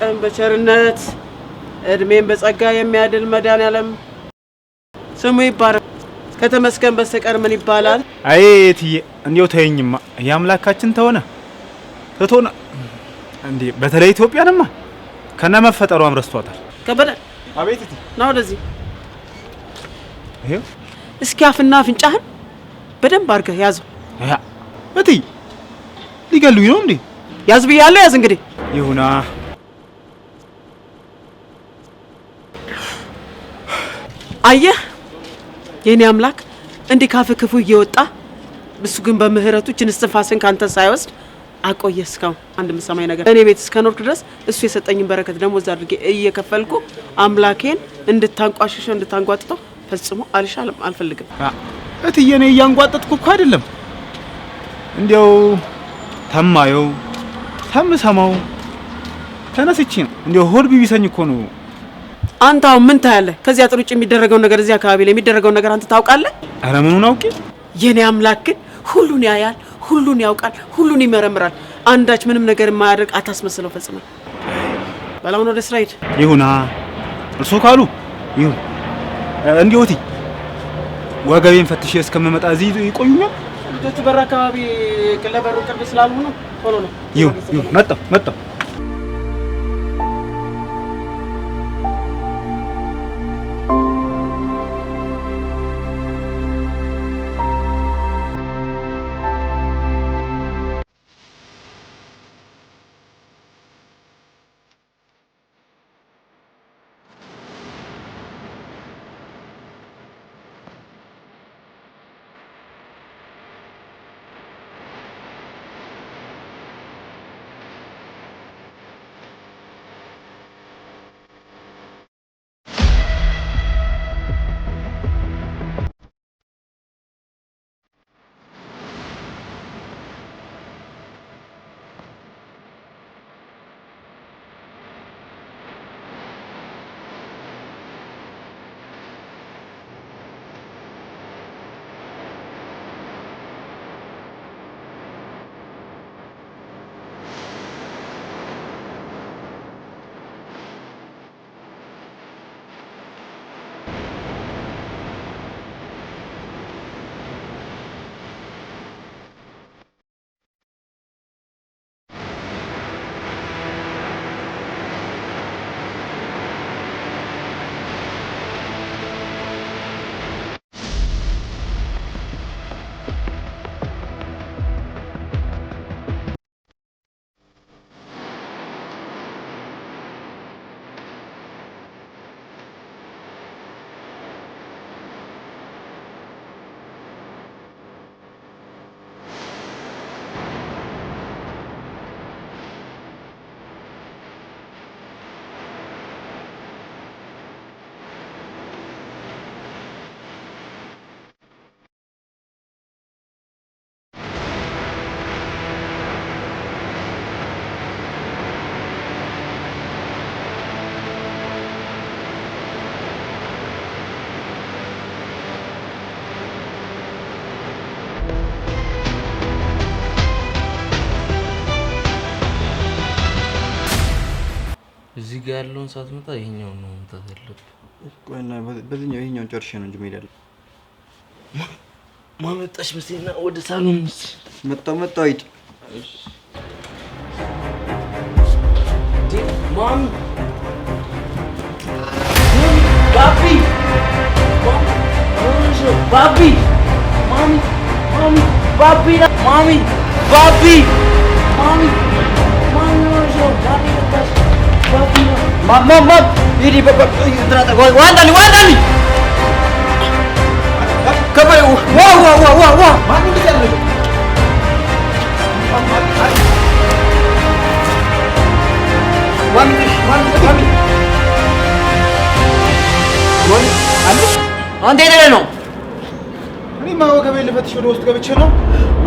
ቀን በቸርነት እድሜን በጸጋ የሚያድል መድኃኔዓለም ስሙ ይባረክ። ከተመስገን በስተቀር ምን ይባላል? አይ እትዬ እንዴው ተይኝማ። የአምላካችን ተሆነ ተቶነ እንዴ በተለይ ኢትዮጵያንማ ከነ መፈጠሯም ረስቷታል። ከበደ አቤት እትዬ ና ወደዚህ። ይሄው እስኪ አፍና አፍንጫህን በደንብ አድርገህ ያዘው። እትዬ ሊገሉኝ ነው እንዴ? ያዝ ብያለሁ። ያዝ እንግዲህ ይሁና። አየህ የኔ አምላክ እንዲህ ካፍ ክፉ እየወጣ እሱ ግን በምህረቱ ችን እስትንፋስን ካንተ ሳይወስድ አቆየ እስካሁን አንድ ምሰማኝ ነገር እኔ ቤት እስከኖርኩ ድረስ እሱ የሰጠኝን በረከት ደሞዝ አድርጌ እየከፈልኩ አምላኬን እንድታንቋሽሸው እንድታንጓጥጠው ፈጽሞ አልሻለም አልፈልግም። እትዬ እኔ እያንጓጠጥኩ እኮ አይደለም እንዲያው ተማየው ከምሰማው ተነስቼ ነው። እንዲ ሆድ ቢቢሰኝ እኮ ነው። አንተ አሁን ምን ታያለህ? ከዚህ አጥር ውጭ የሚደረገውን ነገር፣ እዚህ አካባቢ ላይ የሚደረገውን ነገር አንተ ታውቃለህ? አረ ምኑን አውቂ። የኔ አምላክ ግን ሁሉን ያያል፣ ሁሉን ያውቃል፣ ሁሉን ይመረምራል። አንዳች ምንም ነገር የማያደርግ አታስመስለው። ፈጽመ በላሁን ወደ ስራ ሂድ። ይሁና እርሶ ካሉ ይሁን። እንዲወቲ ወገቤን ፈትሼ እስከምመጣ እዚህ ይቆዩኛል። ልጆቹ በር አካባቢ ለበሩ ቅርብ ስላልሆኑ መጣሁ መጣሁ ጋር ያለውን ሳትመጣ ይሄኛውን ነው መምታት ያለብህ። በዚህኛው ይሄኛውን ጨርሼ ነው እንጂ መሄድ አለብህ። ማመጣሽ መሰለኝ ወደ ሳሎን መጣሁ መጣሁ። ሂድ ማሚ ባቢ ባቢ ማሚ ማሚ ባቢ ማሚ ባቢ ማሚ ማሚ አንተ የት ነው? እኔማ ወገቤን ልፈትሽ ወደ ውስጥ ገብቼ ነው።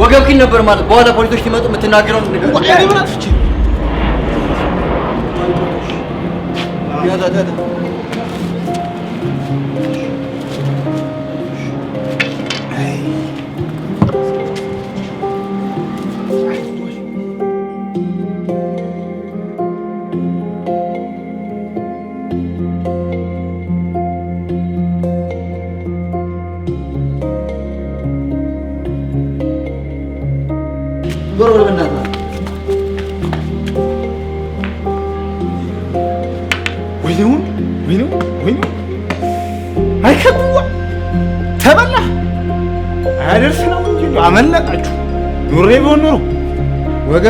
ወገብኪን ነበር ማለት በኋላ ፖሊሶች ሲመጡ የምትናገረው 对的，对的。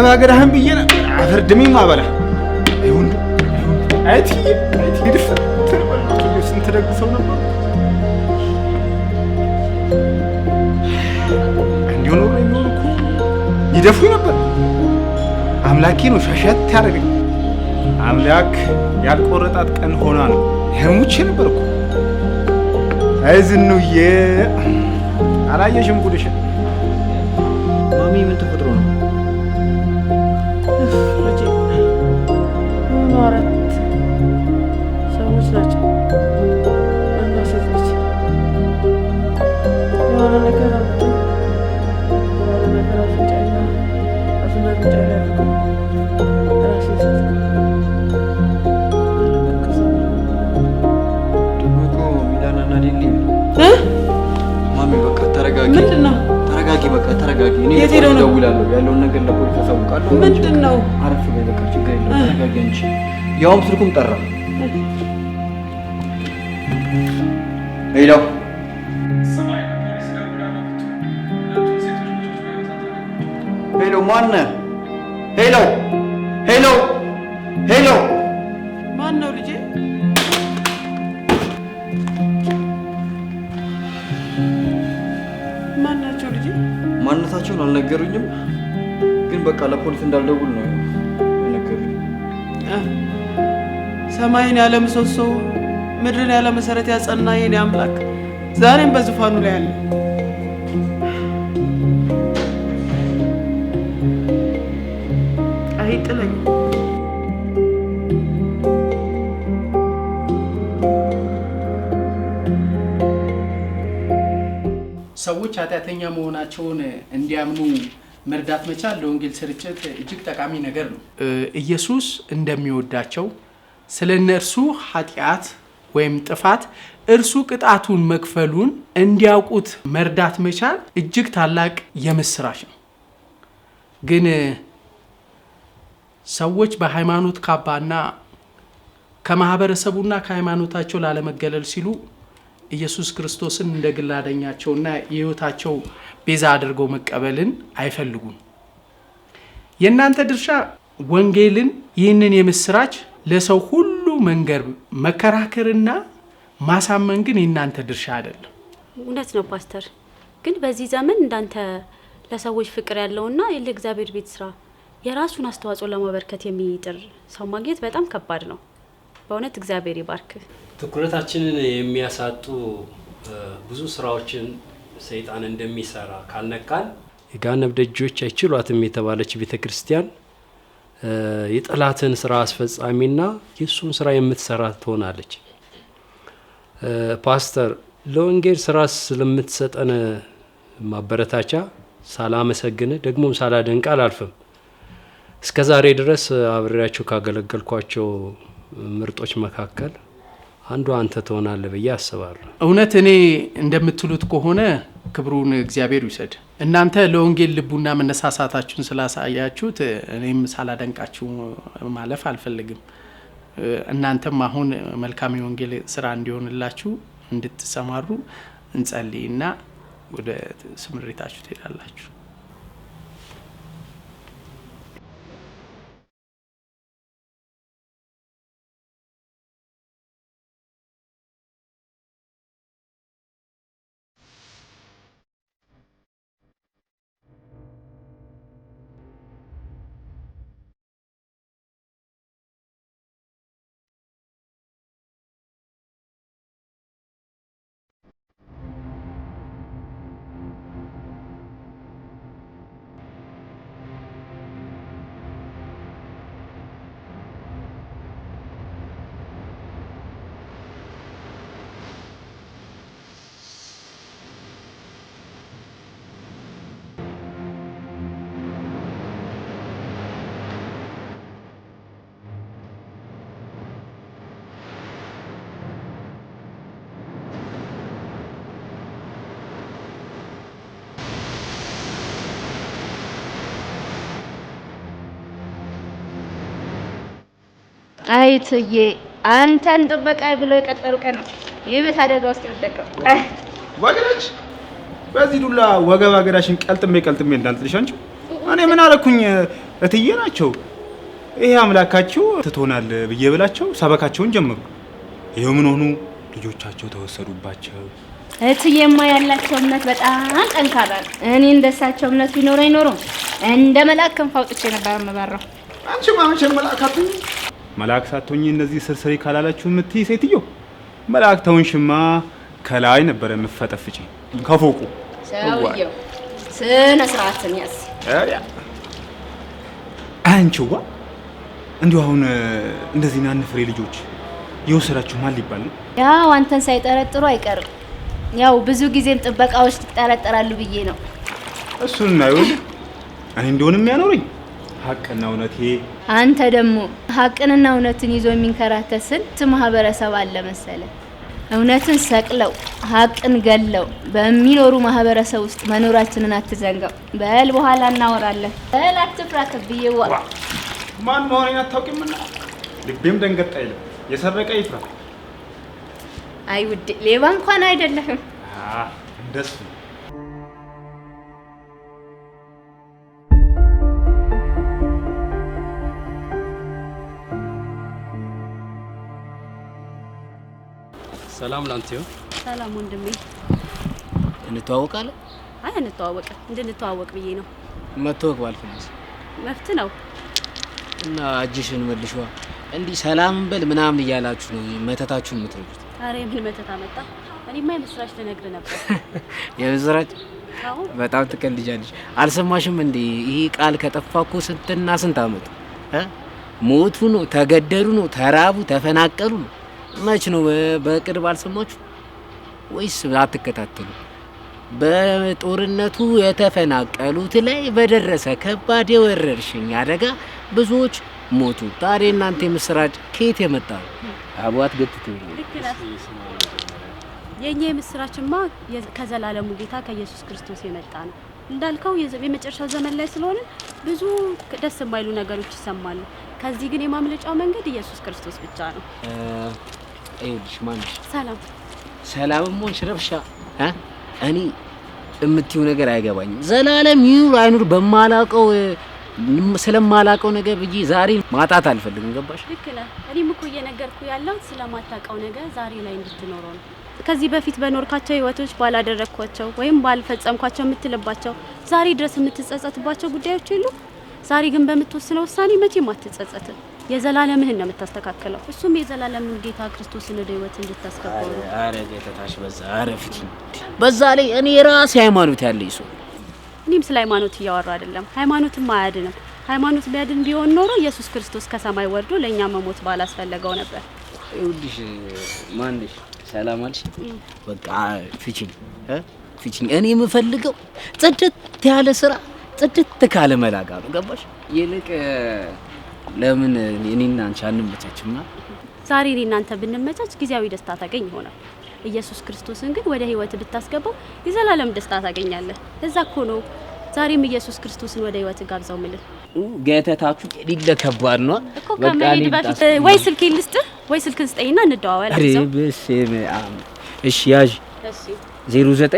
መነጋገርህን ብዬ ነበር። አፈር ድሜ ማበላ ስንት ደግ ሰው ነበር። እንዲሁ ኖሮ የሚሆን እኮ ይደፉኝ ነበር። አምላኬ ነው ሻሻት ያደረገኝ። አምላክ ያልቆረጣት ቀን ሆና ነው ህሙቼ ነበር እኮ አይዝኑዬ አላየሽም ጉድሽን ማሚ ምን ተረጋጊ። እኔ እደውላለሁ፣ ያለውን ነገር ለፖሊስ አሳውቃለሁ። ምንድን ነው? አረፍ በይ በቃ፣ ችግር የለም ተረጋጊ። አንቺ ያውም ስልኩም ጠራ። ሄሎ ሄሎ፣ ማነህ? ሄሎ ሄሎ ሄሎ ምክንያቱን አልነገሩኝም፣ ግን በቃ ለፖሊስ እንዳልደውል ነው የነገሩኝ። ሰማይን ያለ ምሰሶ ምድርን ያለ መሰረት ያጸና የኔ አምላክ ዛሬም በዙፋኑ ላይ አለ። ኃጢአተኛ መሆናቸውን እንዲያምኑ መርዳት መቻል ለወንጌል ስርጭት እጅግ ጠቃሚ ነገር ነው። ኢየሱስ እንደሚወዳቸው ስለ እነርሱ ኃጢአት ወይም ጥፋት እርሱ ቅጣቱን መክፈሉን እንዲያውቁት መርዳት መቻል እጅግ ታላቅ የምስራች ነው። ግን ሰዎች በሃይማኖት ካባና ከማህበረሰቡና ከሃይማኖታቸው ላለመገለል ሲሉ ኢየሱስ ክርስቶስን እንደ ግል አዳኛቸውና ቤዛ አድርገው መቀበልን አይፈልጉም። የእናንተ ድርሻ ወንጌልን፣ ይህንን የምስራች ለሰው ሁሉ መንገር፣ መከራከርና ማሳመን ግን የእናንተ ድርሻ አይደለም። እውነት ነው ፓስተር። ግን በዚህ ዘመን እንዳንተ ለሰዎች ፍቅር ያለውና ለእግዚአብሔር ቤት ስራ የራሱን አስተዋጽኦ ለማበርከት የሚጥር ሰው ማግኘት በጣም ከባድ ነው። በእውነት እግዚአብሔር ይባርክ። ትኩረታችንን የሚያሳጡ ብዙ ስራዎችን ሰይጣን እንደሚሰራ ካልነቃን የገሃነም ደጆች አይችሏትም የተባለች ቤተ ክርስቲያን የጠላትን ስራ አስፈጻሚና የእሱን ስራ የምትሰራ ትሆናለች። ፓስተር ለወንጌል ስራ ስለምትሰጠን ማበረታቻ ሳላመሰግን ደግሞም ሳላደንቅ አላልፍም። እስከ ዛሬ ድረስ አብሬያቸው ካገለገልኳቸው ምርጦች መካከል አንዱ አንተ ትሆናለህ ብዬ አስባለሁ። እውነት እኔ እንደምትሉት ከሆነ ክብሩን እግዚአብሔር ይውሰድ። እናንተ ለወንጌል ልቡና መነሳሳታችሁን ስላሳያችሁት እኔም ሳላደንቃችሁ ማለፍ አልፈልግም። እናንተም አሁን መልካም የወንጌል ስራ እንዲሆንላችሁ እንድትሰማሩ እንጸልይና ወደ ስምሪታችሁ ትሄዳላችሁ። አይትዬ አንተን ጥበቃ ብሎ የቀጠሩ ቀን የቤት አደጋ ውስጥ የወደቀው በዚህ ዱላ ወገብ አገዳሽን ቀልጥሜ ቀልጥሜ እንዳልጥልሽ አንቺ። እኔ ምን አለኩኝ እትዬ ናቸው ይሄ አምላካችሁ ትትሆናል ብዬ ብላቸው ሰበካቸውን ጀመሩ። ይኸው ምን ሆኑ? ልጆቻቸው ተወሰዱባቸው። እትዬማ ያላቸው እምነት በጣም ጠንካራ ነው። እኔ እንደሳቸው እምነት ቢኖረ አይኖሩም እንደ መልአክ ክንፍ አውጥቼ ነበር የምበረው። አንቺ ማመቼ መልአካቱ መልአክ ሳትሆኚ እነዚህ ስርስሪ ካላላችሁ የምትይ ሴትዮ መልአክ ተውንሽማ። ከላይ ነበረ የምፈጠፍጪ ከፎቁ ሰውየው ስነ ስርዓትን ያዝ። አንቺዋ እንዲሁ አሁን እንደዚህ ና ንፍሬ ልጆች የወሰዳችሁ ማን ሊባል ነው? ያው አንተን ሳይጠረጥሩ አይቀርም። ያው ብዙ ጊዜም ጥበቃዎች ይጠረጠራሉ ብዬ ነው። እሱን እናየው። እኔ እንደሆነ የሚያኖረኝ ሀቅና እውነት ይሄ አንተ ደግሞ ሀቅንና እውነትን ይዞ የሚንከራተት ስንት ማህበረሰብ አለ መሰለ። እውነትን ሰቅለው ሀቅን ገለው በሚኖሩ ማህበረሰብ ውስጥ መኖራችንን አትዘንገው። በል በኋላ እናወራለን። በል አትፍራ። ከብዬዋ ማን መሆኔን አታውቂምና ልቤም ደንገጥ አይልም። የሰረቀ ይፍራ። አይ ውዴ ሌባ እንኳን አይደለህም እንደሱ ሰላም ላንተ ይሁን። ሰላም ወንድሜ። እንተዋወቃለን? አይ አንተዋወቅም፣ እንድንተዋወቅ ብዬ ነው። መተዋወቅ ባልፈልስ? መፍት ነው እና እጅሽን መልሽዋ። እንዲህ ሰላም በል ምናምን እያላችሁ ነው መተታችሁን የምትረጩት። አረ የምን መተት አመጣ? እኔማ የምስራች ልነግር ነበር። የምስራች? በጣም ትቀልጃለሽ። አልሰማሽም እንዴ? ይህ ቃል ከጠፋ እኮ ስንትና ስንት አመቱ ሞቱ ነው፣ ተገደሉ ነው፣ ተራቡ፣ ተፈናቀሉ ነው መች ነው በቅርብ አልሰማችሁ ወይስ አትከታተሉ? በጦርነቱ የተፈናቀሉት ላይ በደረሰ ከባድ የወረርሽኝ አደጋ ብዙዎች ሞቱ። ታዲያ እናንተ የምስራች ከየት የመጣ አቧት ገትት የእኛ የምስራችማ ከዘላለሙ ጌታ ከኢየሱስ ክርስቶስ የመጣ ነው። እንዳልከው የመጨረሻው ዘመን ላይ ስለሆነ ብዙ ደስ የማይሉ ነገሮች ይሰማሉ። ከዚህ ግን የማምለጫው መንገድ ኢየሱስ ክርስቶስ ብቻ ነው። ይኸውልሽ ማንሽ ሰላም ሰላምም ሆንሽ ረብሻ እኔ የምትይው ነገር አይገባኝም። ዘላለም ይኑር አይኑር በማላውቀው ስለማላውቀው ነገር ብዬ ዛሬ ማጣት አልፈልግም። ገባሽ? ልክ ነህ። እኔም እኮ እየነገርኩ ያለው ስለማታውቀው ነገር ዛሬ ላይ እንድትኖረው ነው። ከዚህ በፊት በኖርካቸው ህይወቶች ባላደረግኳቸው ወይም ባልፈጸምኳቸው የምትልባቸው ዛሬ ድረስ የምትጸጸትባቸው ጉዳዮች የሉ። ዛሬ ግን በምትወስነው ውሳኔ መቼም አትጸጸትም። የዘላለምህን ነው የምታስተካክለው። እሱም የዘላለምን ጌታ ክርስቶስን ወደ ህይወት እንድታስገባው ነው። አረ ጌታሽ በዛ አረ ፍቺ በዛ ላይ እኔ ራሴ ሃይማኖት ያለኝ ሰው እኔም ስለ ሃይማኖት እያወራ አይደለም። ሃይማኖትም አያድንም። ሃይማኖት ቢያድን ቢሆን ኖሮ ኢየሱስ ክርስቶስ ከሰማይ ወርዶ ለእኛ መሞት ባላስፈለገው ነበር። ይኸውልሽ ማንሽ ሰላም አልሽ። በቃ ፍቺኝ ፍቺኝ። እኔ የምፈልገው ጽድት ያለ ስራ ጽድት ካለ መላጋ ነው። ገባሽ? ይልቅ ለምን እኔና አንቺ አንመቻችማ? ዛሬ እኔ እናንተ ብንመቻች ጊዜያዊ ደስታ ታገኝ ይሆናል። ኢየሱስ ክርስቶስን ግን ወደ ህይወት ብታስገባው የዘላለም ደስታ ታገኛለህ። እዛ እኮ ነው ዛሬም ኢየሱስ ክርስቶስን ወደ ህይወት ጋብዘው ምልህ ገተታቹ ሌለ ከባድ ነው እኮ ከመሄድ በፊት ወይ ስልክ ልስጥ ወይ ስልክ ስጠኝና እንደዋወል። እሺ ያዥ 09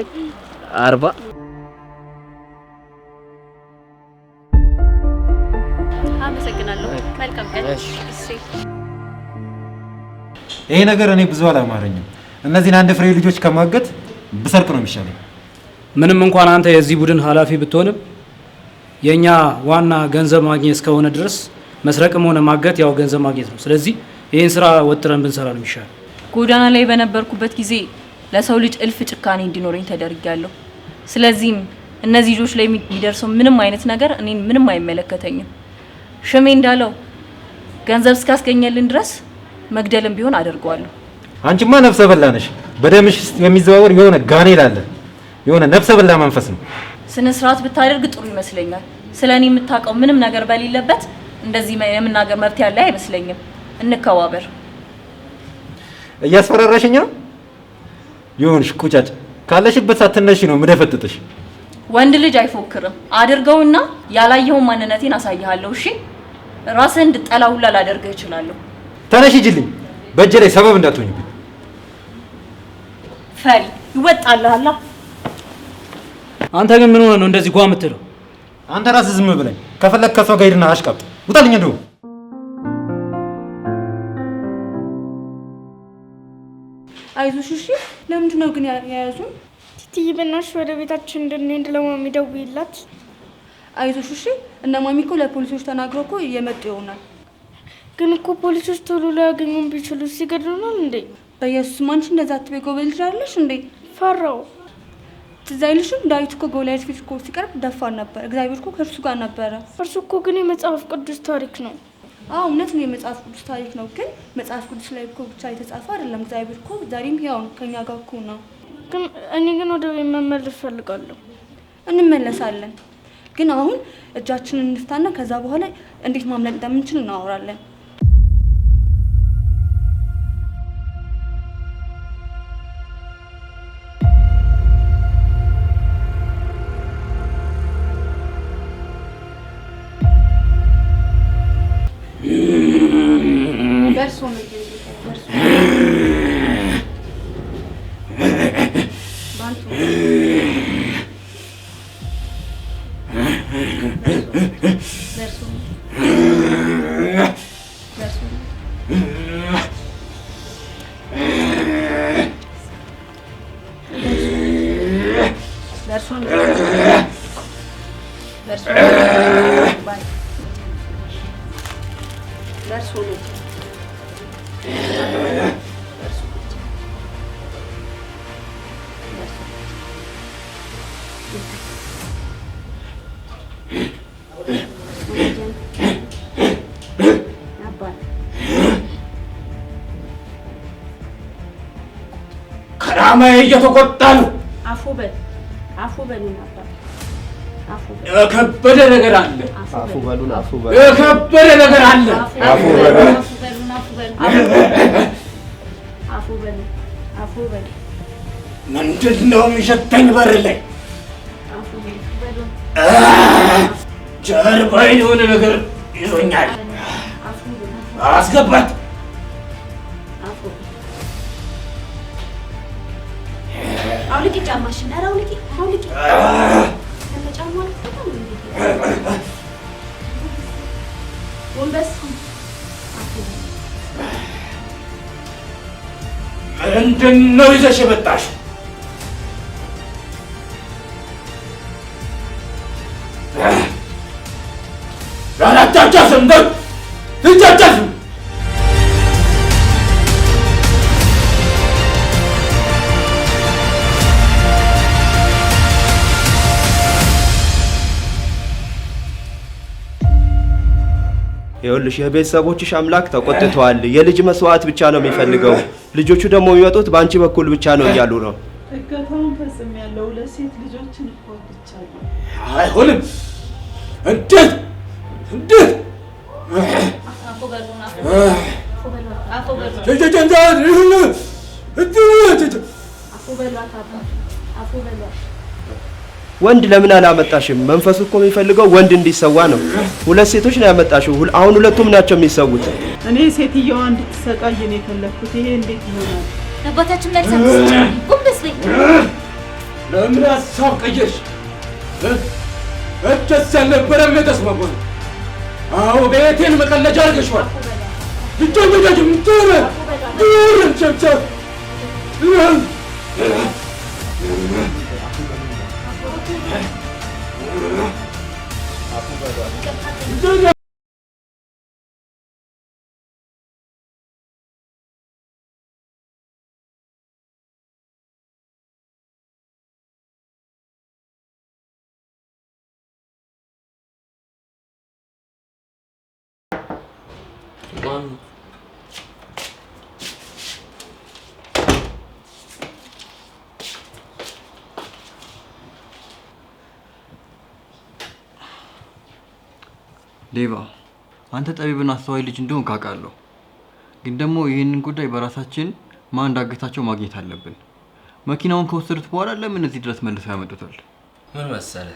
40 ይሄ ነገር እኔ ብዙ አላማረኝም። እነዚህን አንድ ፍሬ ልጆች ከማገት ብሰርቅ ነው የሚሻለኝ። ምንም እንኳን አንተ የዚህ ቡድን ኃላፊ ብትሆንም የእኛ ዋና ገንዘብ ማግኘት እስከሆነ ድረስ መስረቅም ሆነ ማገት ያው ገንዘብ ማግኘት ነው። ስለዚህ ይህን ስራ ወጥረን ብንሰራ ነው የሚሻል። ጎዳና ላይ በነበርኩበት ጊዜ ለሰው ልጅ እልፍ ጭካኔ እንዲኖረኝ ተደርጊያለሁ። ስለዚህም እነዚህ ልጆች ላይ የሚደርሰው ምንም አይነት ነገር እኔን ምንም አይመለከተኝም። ሽሜ እንዳለው ገንዘብ እስካስገኘልን ድረስ መግደልም ቢሆን አደርገዋለሁ። አንቺማ ነፍሰ በላ ነሽ። በደምሽ የሚዘዋወር የሆነ ጋኔል አለ። የሆነ ነፍሰ በላ መንፈስ ነው። ስነ ስርዓት ብታደርግ ጥሩ ይመስለኛል። ስለ እኔ የምታውቀው ምንም ነገር በሌለበት እንደዚህ የምናገር መብት ያለ አይመስለኝም። እንከባበር። እያስፈራራሽኝ ነው። ይሁንሽ፣ ቁጫጭ ካለሽበት ሳትነሽ ነው ምደፈጥጥሽ። ወንድ ልጅ አይፎክርም። አድርገውና ያላየውን ማንነቴን አሳይሃለሁ። እሺ ራስህን እንድጠላ ሁላ ላደርግህ እችላለሁ። ተነሽ ሂጂልኝ። በእጄ ላይ ሰበብ እንዳትሆኝብኝ። ፈሪ ይወጣልሃል። አንተ ግን ምን ሆነ ነው እንደዚህ ጓ የምትለው? አንተ ራስህ ዝም ብለኝ። ከፈለክ ከሷ ጋር ሂድና አሽቃብጥ። ውጣልኝ እንደው አይዞሽ። እሺ ለምንድን ነው ግን የያዙን? ቲቲ በእናትሽ ወደ ቤታችን እንድንሄድ ለማሚ ደውዪላት። አይዞሽ እሺ። እና ማሚ እኮ ለፖሊሶች ተናግረው እኮ እየመጡ ይሆናል። ግን እኮ ፖሊሶች ቶሎ ሊያገኙን ቢችሉ ሲገድሉናል እንዴ? በኢየሱስ ማንች እንደዛ አትቤ ጎበዝ ልጅ አይደለሽ እንዴ? ፈራው ትዝ አይልሽም? ዳዊት እኮ ጎልያድ ፊት እኮ ሲቀርብ ደፋን ነበር። እግዚአብሔር እኮ ከእርሱ ጋር ነበረ። እርሱ እኮ ግን የመጽሐፍ ቅዱስ ታሪክ ነው። አዎ እውነት ነው፣ የመጽሐፍ ቅዱስ ታሪክ ነው። ግን መጽሐፍ ቅዱስ ላይ እኮ ብቻ የተጻፈ አይደለም። እግዚአብሔር እኮ ዛሬም ያው ከኛ ጋር እኮ ነው። ግን እኔ ግን ወደ መመለስ ፈልጋለሁ። እንመለሳለን ግን አሁን እጃችንን እንፍታና ከዛ በኋላ እንዴት ማምለጥ እንደምንችል እናወራለን። ከራማዬ እየተቆጣ ነው። አፉ በል አፉ በል የከበደ ነገር አለ። የከበደ ነገር አለ። ምንድን ነው የሚሸተኝ በር ላይ ጀርባይን የሆነ ነገር ይዞኛል። አስገባት። አውልቂ ጫማሽን። ኧረ አውልቂ፣ አውልቂ ምንድን ነው ይዘሽ የመጣሽው? ይኸውልሽ የቤተሰቦችሽ አምላክ ተቆጥተዋል። የልጅ መስዋዕት ብቻ ነው የሚፈልገው። ልጆቹ ደግሞ የሚመጡት በአንቺ በኩል ብቻ ነው እያሉ ነው። እገታውን ፈጽም ያለው ለሴት ልጆችን እኮ ብቻ ነው። አይሆንም። እንዴት እንዴት አፎ በሏት ወንድ ለምን አላመጣሽም? መንፈሱ እኮ የሚፈልገው ወንድ እንዲሰዋ ነው። ሁለት ሴቶች ነው ያመጣሽው። አሁን ሁለቱም ናቸው የሚሰውት። እኔ ሴትየዋ እንድትሰቃይ ነው የፈለግኩት። ይሄ እንዴት ይሆናል? አባታችን መልስ ጉምብስ በይ። ለምን ሀሳብ ቀየርሽ? እደስ ያልነበረም የተስማማነው። አዎ ቤቴን መቀለጃ አርገሽዋል። ልጆ ሚዳጅም ዱር ዱር ቸምቸ One ሌባ አንተ ጠቢብና አስተዋይ ልጅ እንደሆን ካውቃለሁ። ግን ደግሞ ይህንን ጉዳይ በራሳችን ማን እንዳገታቸው ማግኘት አለብን። መኪናውን ከወሰዱት በኋላ ለምን እዚህ ድረስ መልሰው ያመጡታል? ምን መሰለ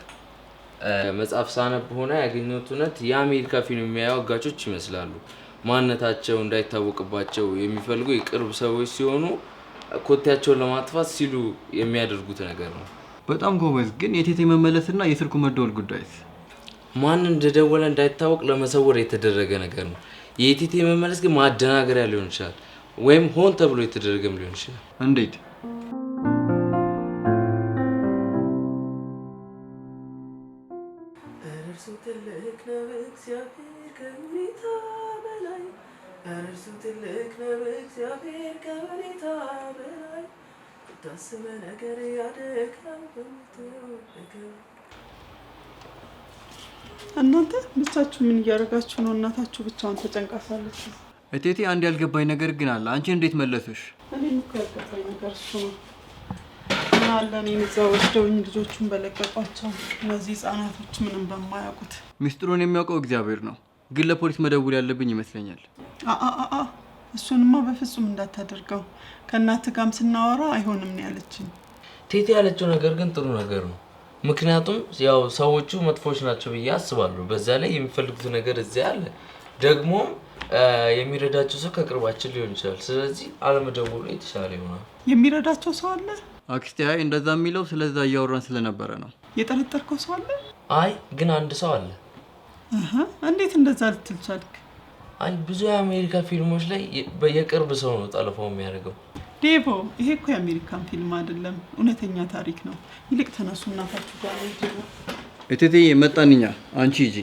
መጽሐፍ ሳነብ ሆነ ያገኘሁት እውነት የአሜሪካ ፊልም የሚያዩ አጋቾች ይመስላሉ። ማንነታቸው እንዳይታወቅባቸው የሚፈልጉ የቅርብ ሰዎች ሲሆኑ ኮቴያቸውን ለማጥፋት ሲሉ የሚያደርጉት ነገር ነው። በጣም ጎበዝ። ግን የቴቴ መመለስና የስልኩ መደወል ጉዳይስ? ማን እንደደወለ እንዳይታወቅ ለመሰወር የተደረገ ነገር ነው። የኢቲቴ መመለስ ግን ማደናገሪያ ሊሆን ይችላል፣ ወይም ሆን ተብሎ የተደረገም ሊሆን ይችላል። እንዴት? ነገር እናንተ ብቻችሁ ምን እያደረጋችሁ ነው? እናታችሁ ብቻውን ተጨንቃሳለች። እቴቴ አንድ ያልገባኝ ነገር ግን አለ። አንቺ እንዴት መለሶሽ? እኔም እኮ ያልገባኝ ነገር እሱ ነው። ምን አለ እኔን እዛ ወስደውኝ ልጆቹን በለቀቋቸው እነዚህ ህጻናቶች ምንም በማያውቁት። ሚስጥሩን የሚያውቀው እግዚአብሔር ነው፣ ግን ለፖሊስ መደውል ያለብኝ ይመስለኛል። እሱንማ በፍጹም እንዳታደርገው። ከእናት ጋርም ስናወራ አይሆንም ነው ያለችኝ። ቴቴ ያለችው ነገር ግን ጥሩ ነገር ነው ምክንያቱም ያው ሰዎቹ መጥፎች ናቸው ብዬ አስባለሁ። በዛ ላይ የሚፈልጉት ነገር እዚያ አለ። ደግሞ የሚረዳቸው ሰው ከቅርባችን ሊሆን ይችላል። ስለዚህ አለመደወሉ የተሻለ ይሆናል። የሚረዳቸው ሰው አለ። አክስቴ፣ አይ እንደዛ የሚለው ስለዛ እያወራን ስለነበረ ነው። የጠረጠርከው ሰው አለ? አይ ግን አንድ ሰው አለ። እንዴት እንደዛ ልትል ቻልክ? አይ ብዙ የአሜሪካ ፊልሞች ላይ የቅርብ ሰው ነው ጠለፋው የሚያደርገው ዴቦ፣ ይሄ እኮ የአሜሪካን ፊልም አይደለም፣ እውነተኛ ታሪክ ነው። ይልቅ ተነሱ እናታችሁ ጋር ነው። እቴቴ መጣንኛ፣ አንቺ ሂጂ።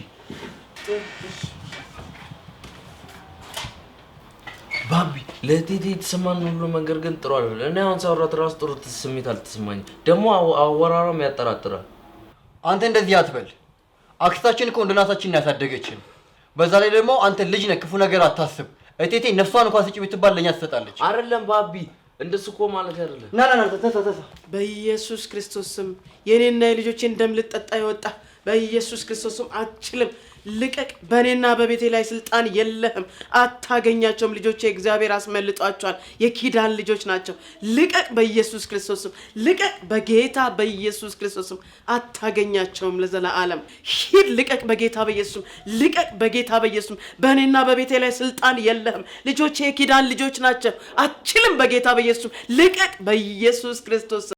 ባቢ ለእቴቴ የተሰማን ሁሉ መንገድ ግን ጥሩ አለ። እኔ አሁን ሳወራት ራሱ ጥሩ ስሜት አልተሰማኝ ደግሞ አወራራም ያጠራጥራል። አንተ እንደዚህ አትበል። አክስታችን እኮ እንደ እናታችን ያሳደገችን። በዛ ላይ ደግሞ አንተ ልጅ ነህ፣ ክፉ ነገር አታስብ። እቴቴ ነፍሷን እንኳን ስጭ ብትባል ለኛ ትሰጣለች። አይደለም ባቢ እንደሱ እኮ ማለት አይደለም። ና ና ና፣ በኢየሱስ ክርስቶስ ስም የእኔና የልጆቼን ደም ልጠጣ የወጣ በኢየሱስ ክርስቶስ ስም አችልም ልቀቅ! በእኔና በቤቴ ላይ ስልጣን የለህም። አታገኛቸውም። ልጆች እግዚአብሔር አስመልጧቸዋል። የኪዳን ልጆች ናቸው። ልቀቅ! በኢየሱስ ክርስቶስም ልቀቅ! በጌታ በኢየሱስ ክርስቶስም አታገኛቸውም ለዘላለም። ሂድ! ልቀቅ! በጌታ በኢየሱስም ልቀቅ! በጌታ በኢየሱስም በእኔና በቤቴ ላይ ስልጣን የለህም። ልጆች የኪዳን ልጆች ናቸው። አችልም። በጌታ በኢየሱስም ልቀቅ! በኢየሱስ ክርስቶስ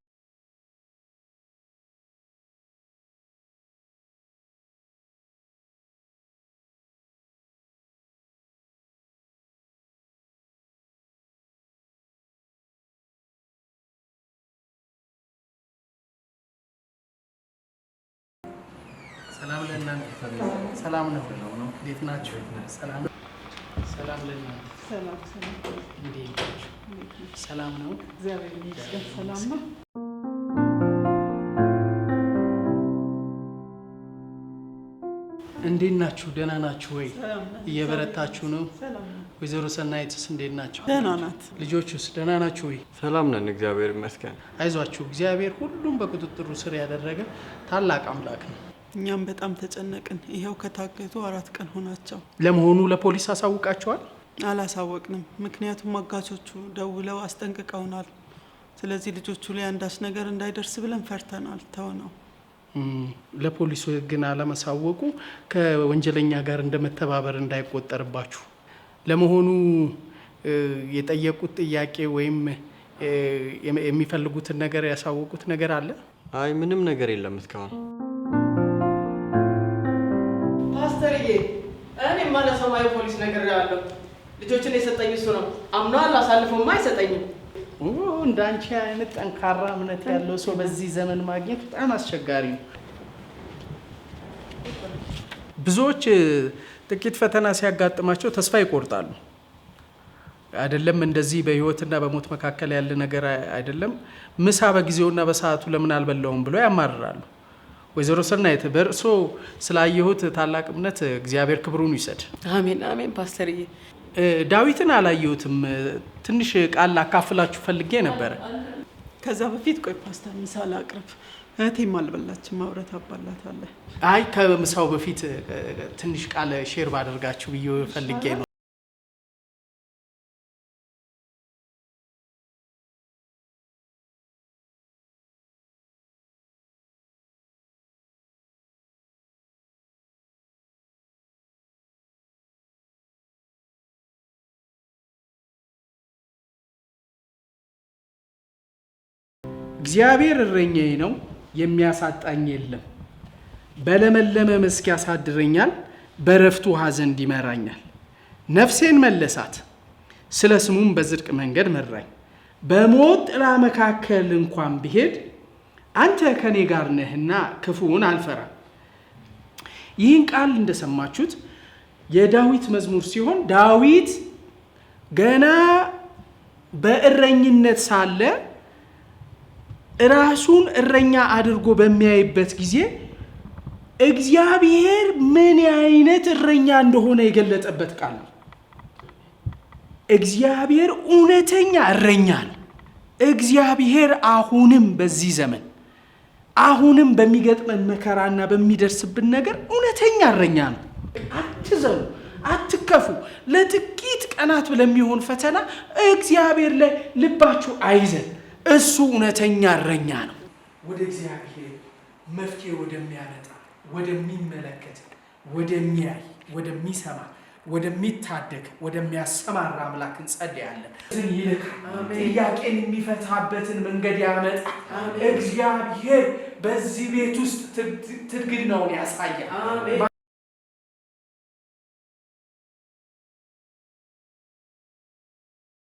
ሰላም ነው። ነው እንዴት ናችሁ? ሰላም ሰላም ሰላም ነው። እግዚአብሔር ሰላም ነው። እንዴት ናችሁ? ደህና ናችሁ ወይ? እየበረታችሁ ነው? ወይዘሮ ሰናይትስ እንዴት ናቸው? ደህና ናት። ልጆቹስ ደህና ናችሁ ወይ? ሰላም ነን፣ እግዚአብሔር ይመስገን። አይዟችሁ፣ እግዚአብሔር ሁሉም በቁጥጥሩ ስር ያደረገ ታላቅ አምላክ ነው። እኛም በጣም ተጨነቅን። ይኸው ከታገቱ አራት ቀን ሆናቸው። ለመሆኑ ለፖሊስ አሳውቃቸዋል? አላሳወቅንም። ምክንያቱም አጋቾቹ ደውለው አስጠንቅቀውናል። ስለዚህ ልጆቹ ላይ አንዳች ነገር እንዳይደርስ ብለን ፈርተናል። ተው ነው። ለፖሊሱ ግን አለመሳወቁ ከወንጀለኛ ጋር እንደ መተባበር እንዳይቆጠርባችሁ። ለመሆኑ የጠየቁት ጥያቄ ወይም የሚፈልጉትን ነገር ያሳወቁት ነገር አለ? አይ ምንም ነገር የለም እስካሁን እኔማ ለሰማያዊ ፖሊስ ያለው ልጆችን የሰጠኝ እሱ ነው። አምኗል። አሳልፎማ አይሰጠኝም። እንደ አይነት ጠንካራ እምነት ያለው ሰው በዚህ ዘመን ማግኘት በጣም አስቸጋሪ ነው። ብዙዎች ጥቂት ፈተና ሲያጋጥማቸው ተስፋ ይቆርጣሉ። አይደለም እንደዚህ በህይወትና በሞት መካከል ያለ ነገር አይደለም። ምሳ በጊዜውና በሰዓቱ ለምን አልበላውም ብሎ ያማርራሉ። ወይዘሮ ስናይት በእርሶ ስላየሁት ታላቅ እምነት እግዚአብሔር ክብሩን ይውሰድ። አሜን አሜን። ፓስተርዬ ዳዊትን አላየሁትም፣ ትንሽ ቃል ላካፍላችሁ ፈልጌ ነበረ። ከዛ በፊት ቆይ ፓስተር ምሳ ላቅርብ፣ እህቴም አልበላችም፣ ማውረት አባላት አለ። አይ ከምሳው በፊት ትንሽ ቃል ሼር ባደርጋችሁ ብዬ ፈልጌ ነው። እግዚአብሔር እረኛዬ ነው፣ የሚያሳጣኝ የለም። በለመለመ መስክ ያሳድረኛል፣ በረፍቱ ውሃ ዘንድ ይመራኛል። ነፍሴን መለሳት፣ ስለ ስሙም በጽድቅ መንገድ መራኝ። በሞት ጥላ መካከል እንኳን ብሄድ አንተ ከኔ ጋር ነህና ክፉውን አልፈራም። ይህን ቃል እንደሰማችሁት የዳዊት መዝሙር ሲሆን ዳዊት ገና በእረኝነት ሳለ ራሱን እረኛ አድርጎ በሚያይበት ጊዜ እግዚአብሔር ምን አይነት እረኛ እንደሆነ የገለጠበት ቃል ነው። እግዚአብሔር እውነተኛ እረኛ ነው። እግዚአብሔር አሁንም በዚህ ዘመን አሁንም በሚገጥመን መከራና በሚደርስብን ነገር እውነተኛ እረኛ ነው። አትዘኑ፣ አትከፉ። ለጥቂት ቀናት ለሚሆን ፈተና እግዚአብሔር ላይ ልባችሁ አይዘን። እሱ እውነተኛ እረኛ ነው። ወደ እግዚአብሔር መፍትሄ ወደሚያመጣ ወደሚመለከት፣ ወደሚያይ፣ ወደሚሰማ፣ ወደሚታደግ፣ ወደሚያሰማራ አምላክ እንጸልያለን። ይልካል። ጥያቄን የሚፈታበትን መንገድ ያመጣ እግዚአብሔር በዚህ ቤት ውስጥ ትግል ነውን ያሳያል።